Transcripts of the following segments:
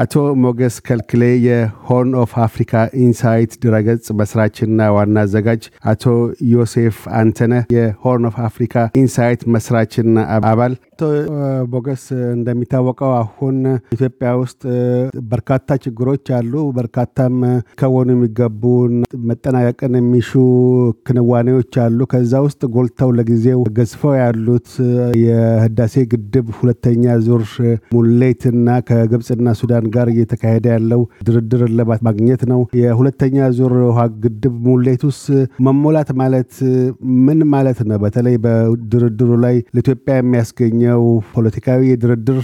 አቶ ሞገስ ከልክሌ የሆርን ኦፍ አፍሪካ ኢንሳይት ድረገጽ መስራችና ዋና አዘጋጅ፣ አቶ ዮሴፍ አንተነ የሆርን ኦፍ አፍሪካ ኢንሳይት መስራችና አባል። አቶ ሞገስ እንደሚታወቀው አሁን ኢትዮጵያ ውስጥ በርካታ ችግሮች አሉ። በርካታም ከወኑ የሚገቡ መጠናቀቅን የሚሹ ክንዋኔዎች አሉ። ከዛ ውስጥ ጎልተው ለጊዜው ገዝፈው ያሉት የህዳሴ ግድብ ሁለተኛ ዙር ሙሌትና ከግብፅና ሱዳን ከሱዳን ጋር እየተካሄደ ያለው ድርድር እልባት ማግኘት ነው። የሁለተኛ ዙር ውሃ ግድብ ሙሌቱስ መሞላት ማለት ምን ማለት ነው? በተለይ በድርድሩ ላይ ለኢትዮጵያ የሚያስገኘው ፖለቲካዊ የድርድር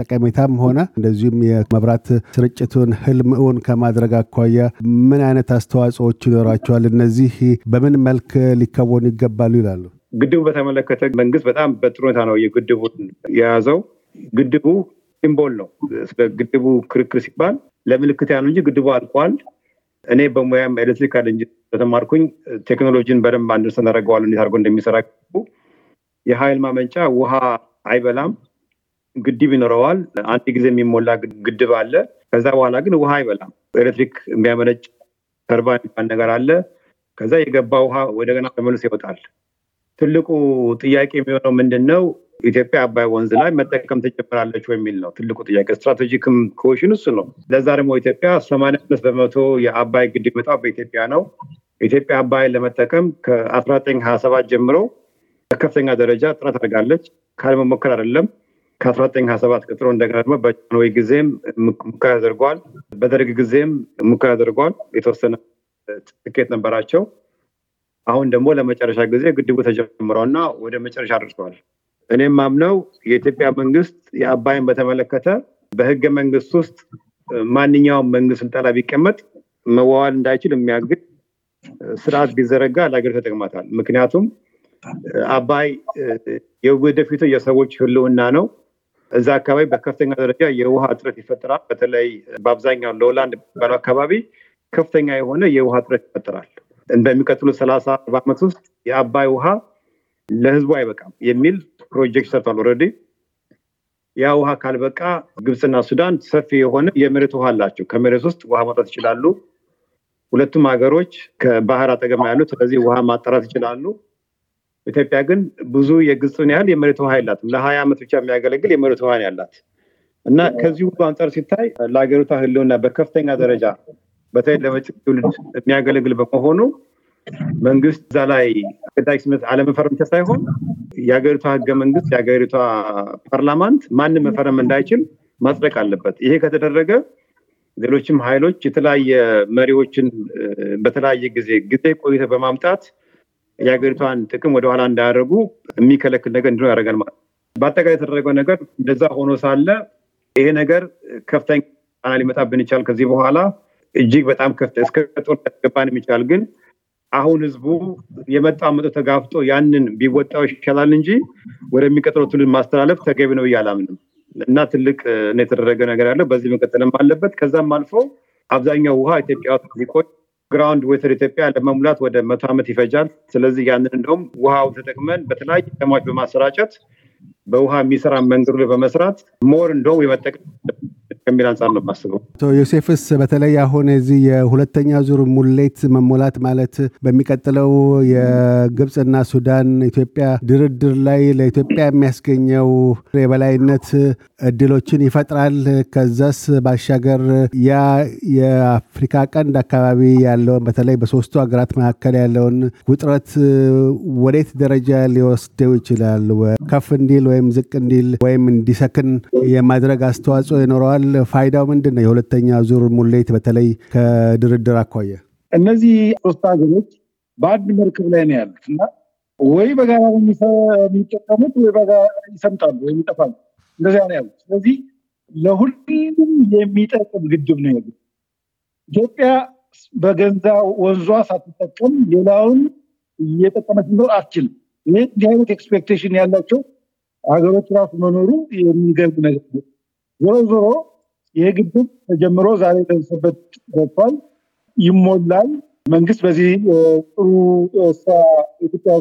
ጠቀሜታም ሆነ እንደዚሁም የመብራት ስርጭቱን ህልም እውን ከማድረግ አኳያ ምን አይነት አስተዋጽኦዎች ይኖራቸዋል? እነዚህ በምን መልክ ሊከወኑ ይገባሉ ይላሉ። ግድቡ በተመለከተ መንግስት በጣም በጥሩ ሁኔታ ነው የግድቡን የያዘው። ግድቡ ሲምቦል ነው። ስለ ግድቡ ክርክር ሲባል ለምልክት ያኑ እንጂ ግድቡ አልቋል። እኔ በሙያም ኤሌክትሪካል ኢንጂነር በተማርኩኝ ቴክኖሎጂን በደንብ አንደርስታንድ አደረገዋለሁ፣ እንዴት አድርጎ እንደሚሰራ የሀይል ማመንጫ ውሃ አይበላም፣ ግድብ ይኖረዋል። አንድ ጊዜ የሚሞላ ግድብ አለ። ከዛ በኋላ ግን ውሃ አይበላም። ኤሌክትሪክ የሚያመነጭ ተርባ የሚባል ነገር አለ። ከዛ የገባ ውሃ ወደገና ተመልሶ ይወጣል። ትልቁ ጥያቄ የሚሆነው ምንድን ነው? ኢትዮጵያ አባይ ወንዝ ላይ መጠቀም ትጀምራለች የሚል ነው ትልቁ ጥያቄ። ስትራቴጂክም ኮሽን እሱ ነው። ለዛ ደግሞ ኢትዮጵያ ሰማንያ አምስት በመቶ የአባይ ግድብ በጣም በኢትዮጵያ ነው። ኢትዮጵያ አባይ ለመጠቀም ከ ሰባት ጀምሮ በከፍተኛ ደረጃ ጥረት አድርጋለች። ካለመሞከር አይደለም ሀያ ሰባት ቀጥሎ እንደገና ደግሞ በጃንሆይ ጊዜም ሙከራ ተደርጓል። በደርግ ጊዜም ሙከራ ተደርጓል። የተወሰነ ትኬት ነበራቸው። አሁን ደግሞ ለመጨረሻ ጊዜ ግድቡ ተጀምረውና ወደ መጨረሻ አድርሰዋል። እኔም ማምነው የኢትዮጵያ መንግስት የአባይን በተመለከተ በህገ መንግስት ውስጥ ማንኛውም መንግስት ስልጠና ቢቀመጥ መዋዋል እንዳይችል የሚያግድ ስርዓት ቢዘረጋ ለሀገር ተጠቅማታል። ምክንያቱም አባይ የወደፊቱ የሰዎች ህልውና ነው። እዛ አካባቢ በከፍተኛ ደረጃ የውሃ እጥረት ይፈጠራል። በተለይ በአብዛኛው ሎላንድ የሚባለው አካባቢ ከፍተኛ የሆነ የውሃ እጥረት ይፈጠራል። በሚቀጥሉት ሰላሳ አርባ ዓመት ውስጥ የአባይ ውሃ ለህዝቡ አይበቃም የሚል ፕሮጀክት ሰርቷል ኦረዲ ያ ውሃ ካልበቃ ግብፅና ሱዳን ሰፊ የሆነ የመሬት ውሃ አላቸው ከመሬት ውስጥ ውሃ ማውጣት ይችላሉ ሁለቱም ሀገሮች ከባህር አጠገማ ያሉት ስለዚህ ውሃ ማጣራት ይችላሉ ኢትዮጵያ ግን ብዙ የግብፅን ያህል የመሬት ውሃ የላትም ለሀያ ዓመት ብቻ የሚያገለግል የመሬት ውሃ ያላት እና ከዚህ ሁሉ አንጻር ሲታይ ለሀገሪቷ ህልውና በከፍተኛ ደረጃ በተለይ ለመጭ ትውልድ የሚያገለግል በመሆኑ መንግስት እዛ ላይ አስገዳጅ ስነት አለመፈረምቻ ሳይሆን የሀገሪቷ ህገ መንግስት የሀገሪቷ ፓርላማንት ማንም መፈረም እንዳይችል ማጽደቅ አለበት። ይሄ ከተደረገ ሌሎችም ሀይሎች የተለያየ መሪዎችን በተለያየ ጊዜ ጊዜ ቆይተ በማምጣት የሀገሪቷን ጥቅም ወደኋላ እንዳያደርጉ የሚከለክል ነገር እንዲኖር ያደርጋል ማለት በአጠቃላይ የተደረገው ነገር እንደዛ ሆኖ ሳለ ይሄ ነገር ከፍተኛ ሊመጣብን ይቻል ከዚህ በኋላ እጅግ በጣም ከፍ እስከ ጦር ሊያስገባን የሚቻል ግን አሁን ህዝቡ የመጣ መጦ ተጋፍጦ ያንን ቢወጣው ይሻላል እንጂ ወደሚቀጥለው ትውልድ ማስተላለፍ ተገቢ ነው እያላምንም እና ትልቅ የተደረገ ነገር ያለው በዚህ መቀጠልም አለበት። ከዛም አልፎ አብዛኛው ውሃ ኢትዮጵያ ውስጥ ሊቆይ ግራውንድ ወተር ኢትዮጵያ ለመሙላት ወደ መቶ ዓመት ይፈጃል። ስለዚህ ያንን እንደውም ውሃው ተጠቅመን በተለያዩ ከተማዎች በማሰራጨት በውሃ የሚሰራ መንገዱ ላይ በመስራት ሞር እንደውም የመጠቀም ከሚል አንጻር ነው የማስበው። አቶ ዮሴፍስ በተለይ አሁን የዚህ የሁለተኛ ዙር ሙሌት መሞላት ማለት በሚቀጥለው የግብፅና ሱዳን ኢትዮጵያ ድርድር ላይ ለኢትዮጵያ የሚያስገኘው የበላይነት እድሎችን ይፈጥራል። ከዛስ ባሻገር ያ የአፍሪካ ቀንድ አካባቢ ያለውን በተለይ በሶስቱ ሀገራት መካከል ያለውን ውጥረት ወዴት ደረጃ ሊወስደው ይችላል? ከፍ እንዲል ወይም ዝቅ እንዲል ወይም እንዲሰክን የማድረግ አስተዋጽኦ ይኖረዋል። ፋይዳው ምንድን ነው? የሁለተኛ ዙር ሙሌት በተለይ ከድርድር አኳያ እነዚህ ሶስት ሀገሮች በአንድ መርከብ ላይ ነው ያሉት እና ወይ በጋራ የሚጠቀሙት ወይ በጋራ ይሰምጣሉ ወይም ይጠፋሉ። እንደዚያ ነው ያሉት። ስለዚህ ለሁሉም የሚጠቅም ግድብ ነው ያሉት። ኢትዮጵያ በገንዛ ወንዟ ሳትጠቀም ሌላውን እየጠቀመች ኖር አትችልም። ይህ እንዲህ አይነት ኤክስፔክቴሽን ያላቸው ሀገሮች ራሱ መኖሩ የሚገርም ነገር ነው። ዞሮ ዞሮ ይህ ግድብ ተጀምሮ ዛሬ የደረሰበት ደርሷል፣ ይሞላል። መንግስት በዚህ ጥሩ ስራ ኢትዮጵያ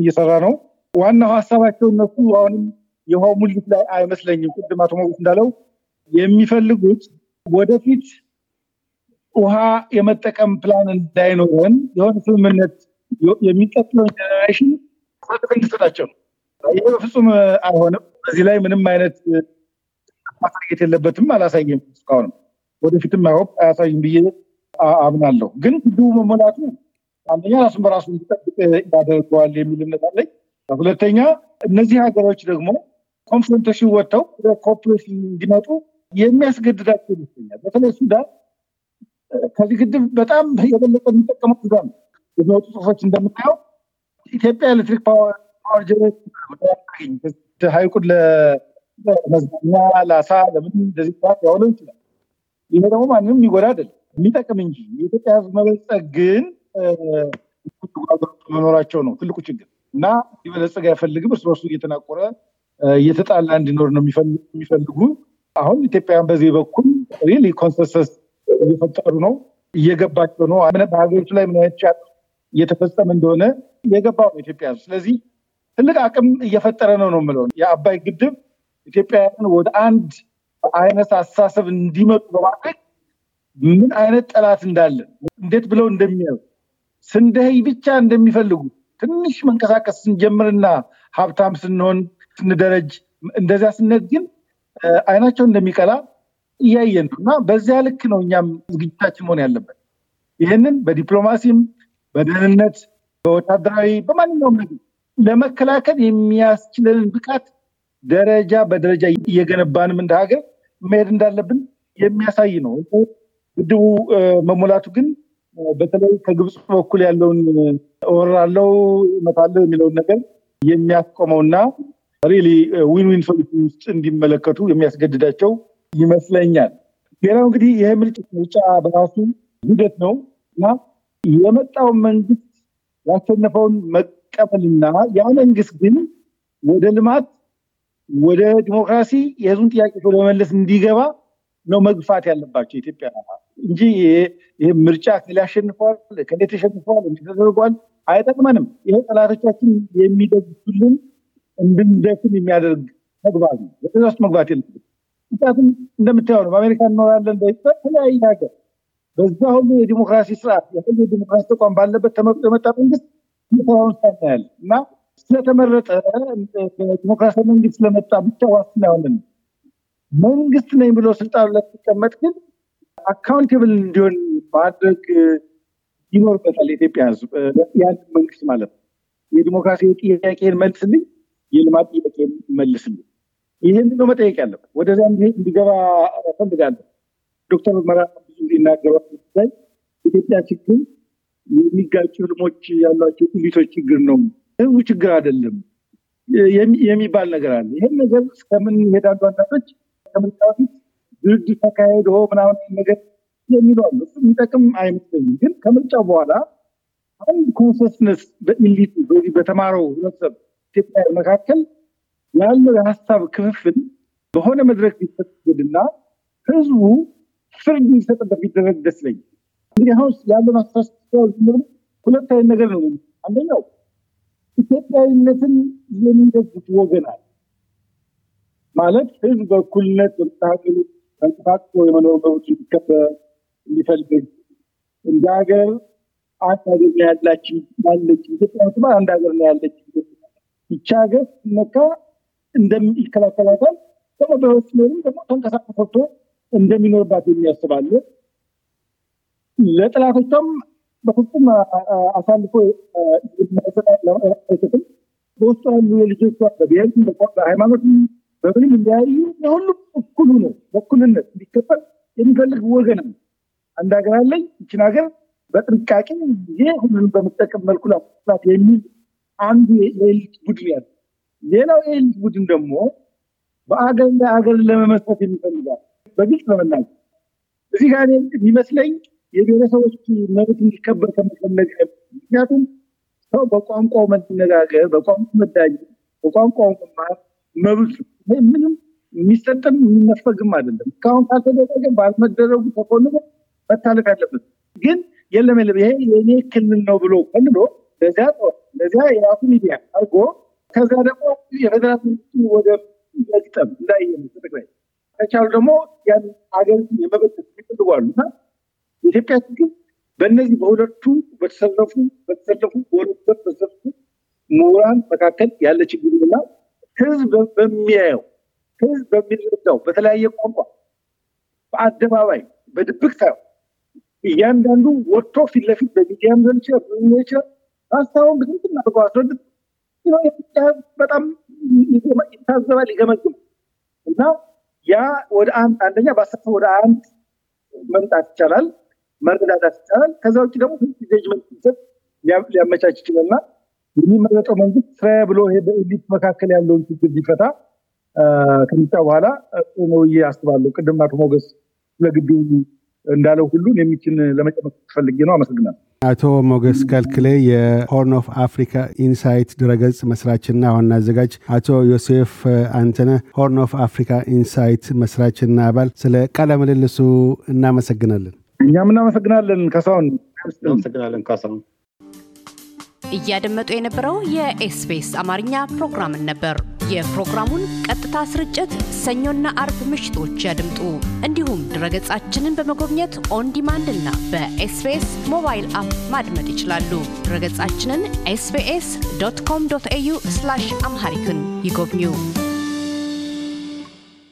እየሰራ ነው። ዋናው ሀሳባቸው እነሱ አሁንም የውሃው ሙሊት ላይ አይመስለኝም። ቅድም አቶ ሞጉስ እንዳለው የሚፈልጉት ወደፊት ውሃ የመጠቀም ፕላን እንዳይኖረን የሆነ ስምምነት የሚቀጥለው ጀኔሬሽን እንድሰጣቸው ነው። ይህ ፍጹም አይሆንም። በዚህ ላይ ምንም አይነት ማሳየት የለበትም አላሳየም እስካሁን ወደፊትም አይሆን አያሳይም ብዬ አምናለሁ ግን ግድቡ መሞላቱ አንደኛ ራሱን በራሱ እንዲጠብቅ ያደርገዋል የሚል እምነት አለኝ ሁለተኛ እነዚህ ሀገሮች ደግሞ ኮንፍሮንቴሽን ወጥተው ወደ ኮፕሬሽን እንዲመጡ የሚያስገድዳቸው ይመስለኛል በተለይ ሱዳን ከዚህ ግድብ በጣም የበለጠ የሚጠቀመው ሱዳን የሚወጡ ጽሁፎች እንደምናየው ኢትዮጵያ ኤሌክትሪክ ፓወር ጀኔሬት ሀይቁን መዝናኛ ላሳ ለምን እንደዚህ ያውለው ይችላል። ይሄ ደግሞ ማንም የሚጎዳ አይደለም የሚጠቅም እንጂ የኢትዮጵያ ህዝብ መበልጸግ ግን መኖራቸው ነው ትልቁ ችግር እና ሊበለጸግ አይፈልግም። እርስ በርሱ እየተናቆረ እየተጣላ እንዲኖር ነው የሚፈልጉ። አሁን ኢትዮጵያን በዚህ በኩል ሪሊ ኮንሰንሰስ እየፈጠሩ ነው፣ እየገባቸው ነው። በሀገሪቱ ላይ ምን እየተፈጸመ እንደሆነ የገባው ነው ኢትዮጵያ። ስለዚህ ትልቅ አቅም እየፈጠረ ነው ነው የምለው የአባይ ግድብ ኢትዮጵያውያን ወደ አንድ አይነት አስተሳሰብ እንዲመጡ በማድረግ ምን አይነት ጠላት እንዳለ እንዴት ብለው እንደሚያዩ ስንደህይ ብቻ እንደሚፈልጉ ትንሽ መንቀሳቀስ ስንጀምርና ሀብታም ስንሆን ስንደረጅ እንደዚያ ስነት ግን አይናቸው እንደሚቀላ እያየን ነው እና በዚያ ልክ ነው እኛም ዝግጅታችን መሆን ያለበት ይህንን በዲፕሎማሲም በደህንነት በወታደራዊ በማንኛውም ነገር ለመከላከል የሚያስችለንን ብቃት ደረጃ በደረጃ እየገነባንም እንደ ሀገር መሄድ እንዳለብን የሚያሳይ ነው። ግድቡ መሙላቱ ግን በተለይ ከግብፅ በኩል ያለውን እወራለሁ እመታለሁ የሚለውን ነገር የሚያስቆመውና ሪሊ ዊን ዊን ሶሉሽን ውስጥ እንዲመለከቱ የሚያስገድዳቸው ይመስለኛል። ሌላው እንግዲህ ይሄ ምርጫ ምርጫ በራሱ ሂደት ነው እና የመጣው መንግስት ያሸነፈውን መቀበልና ያ መንግስት ግን ወደ ልማት ወደ ዲሞክራሲ የህዝቡን ጥያቄ ለመመለስ እንዲገባ ነው መግፋት ያለባቸው ኢትዮጵያ እንጂ ይህ ምርጫ ክል ያሸንፈዋል ከሌ ተሸንፈዋል እንዲ ተደርጓል አይጠቅመንም። ይሄ ጠላቶቻችን የሚደግሱልን እንድንደክም የሚያደርግ መግባት ነው። በዛ ውስጥ መግባት የለ ምክንያቱም እንደምታየው ነው። በአሜሪካ እንኖራለን፣ በተለያየ ሀገር በዛ ሁሉ የዲሞክራሲ ስርዓት የዲሞክራሲ ተቋም ባለበት ተመርጦ የመጣ መንግስት ስራውን ሳናያል እና ስለተመረጠ ዲሞክራሲያዊ መንግስት ስለመጣ ብቻ ዋስትና አይሆንም። መንግስት ነኝ ብሎ ስልጣን ላይ ሲቀመጥ ግን አካውንቴብል እንዲሆን ማድረግ ይኖርበታል። ኢትዮጵያ ህዝብ ያን መንግስት ማለት ነው። የዲሞክራሲ ጥያቄን መልስልኝ፣ የልማት ጥያቄ መልስልኝ። ይህን ነው መጠየቅ ያለበት። ወደዚያ እንዲገባ ፈልጋለሁ። ዶክተር መራ ብዙ ጊዜ ይናገሯል ኢትዮጵያ ችግር የሚጋጭ ህልሞች ያሏቸው ኢሊቶች ችግር ነው ህዝቡ ችግር አይደለም የሚባል ነገር አለ። ይህን ነገር እስከምን ይሄዳሉ አንዳንዶች ከምርጫ በፊት ድርድር ተካሄዶ ምናምን ነገር የሚሉ አሉ። የሚጠቅም አይመስለኝም። ግን ከምርጫው በኋላ አንድ ኮንሰስነስ በኢሊቱ በዚህ በተማረው ህብረተሰብ ኢትዮጵያ መካከል ያለው የሀሳብ ክፍፍል በሆነ መድረክ ቢፈትግድና ህዝቡ ፍርድ ሊሰጥበት ቢደረግ ደስለኝ እንግዲህ አሁን ያለን አስተሳሰብ ሁለት አይነት ነገር ነው። አንደኛው ኢትዮጵያዊነትን የሚደግፉ ወገናል ማለት ህዝብ በኩልነት በምታቅል ተንቀሳቅሶ የመኖር መብት እንዲከበር እንዲፈልግ እንደ ሀገር አንድ ሀገር ነው ያላች ያለች ኢትዮጵያ ስባ አንድ ሀገር ነው ያለች ይቺ ሀገር ስትመካ እንደሚከላከላታል ደግሞ በህይወት ወይም ደግሞ ተንቀሳቅሶ እንደሚኖርባት የሚያስባለ ለጥላቶቿም በፍጹም አሳልፎ አይሰጥም። በውስጡ ያሉ የልጆቿ በብሔር በሃይማኖት በምንም እንዲያዩ የሁሉም እኩሉ ነው። በእኩልነት እንዲከፈል የሚፈልግ ወገን ነው። አንድ ሀገር አለኝ ይችን ሀገር በጥንቃቄ ጊዜ ሁሉንም በመጠቀም መልኩ ላት የሚል አንዱ የኤሊት ቡድን ያለ፣ ሌላው የኤሊት ቡድን ደግሞ በአገር እንደ ሀገር ለመመስረት የሚፈልጋል። በግልጽ ለመናገር እዚህ ጋር የሚመስለኝ የብሔረሰቦች መብት እንዲከበር ከመፈለግ ምክንያቱም ሰው በቋንቋው መነጋገር፣ በቋንቋ መዳኝ በቋንቋው መማር መብት ምንም የሚሰጥም የሚነፈግም አይደለም። እስካሁን ካልተደረገ ባልመደረጉ ተኮንኖ መታለፍ ያለበት ግን የለም የለም ይሄ የእኔ ክልል ነው ብሎ ከልሎ ለዚያ ጦር ለዚያ የራሱ ሚዲያ አርጎ ከዛ ደግሞ የፌደራል መንግስቱ ወደ ጠም እንዳየ ትግራይ ከቻሉ ደግሞ ያን አገር የመበጠት ይፈልጓሉ እና ኢትዮጵያ ግን በእነዚህ በሁለቱ በተሰለፉ በተሰለፉ በሁለቱ በተሰለፉ ምሁራን መካከል ያለ ችግር ችግርና ህዝብ በሚያየው ህዝብ በሚረዳው በተለያየ ቋንቋ በአደባባይ በድብቅ ሳይሆን እያንዳንዱ ወጥቶ ፊት ለፊት በሚዲያም ሊሆን ይችላል ሊሆን ይችላል ሀሳቡን ብትንትና አድርገው አስረድት በጣም ይታዘባል፣ ይገመግማል እና ያ ወደ አንድ አንደኛ በአሰብ ወደ አንድ መምጣት ይቻላል። መረዳዳት ይቻላል። ከዛ ውጭ ደግሞ ህዝብ ኢንጌጅመንት ሲሰጥ ሊያመቻች ይችላልና የሚመረጠው መንግስት ስራ ብሎ በኤሊት መካከል ያለውን ችግር ሊፈታ ከሚጫ በኋላ ነው ብዬ አስባለሁ። ቅድም አቶ ሞገስ እንዳለው ሁሉ የሚችን ለመጨመር ፈልጌ ነው። አመሰግናል። አቶ ሞገስ ከልክሌ የሆርን ኦፍ አፍሪካ ኢንሳይት ድረገጽ መስራችና ዋና አዘጋጅ፣ አቶ ዮሴፍ አንተነ ሆርን ኦፍ አፍሪካ ኢንሳይት መስራችና አባል፣ ስለ ቃለ ምልልሱ እናመሰግናለን። እኛም እናመሰግናለን ካሳሁን። እናመሰግናለን ካሳሁን። እያደመጡ የነበረው የኤስቢኤስ አማርኛ ፕሮግራምን ነበር። የፕሮግራሙን ቀጥታ ስርጭት ሰኞና አርብ ምሽቶች ያድምጡ። እንዲሁም ድረገጻችንን በመጎብኘት ኦን እና በኤስቢኤስ ሞባይል አፕ ማድመጥ ይችላሉ። ድረገጻችንን ኤስቢኤስ ኮም ዶት ኤዩ አምሃሪክን ይጎብኙ።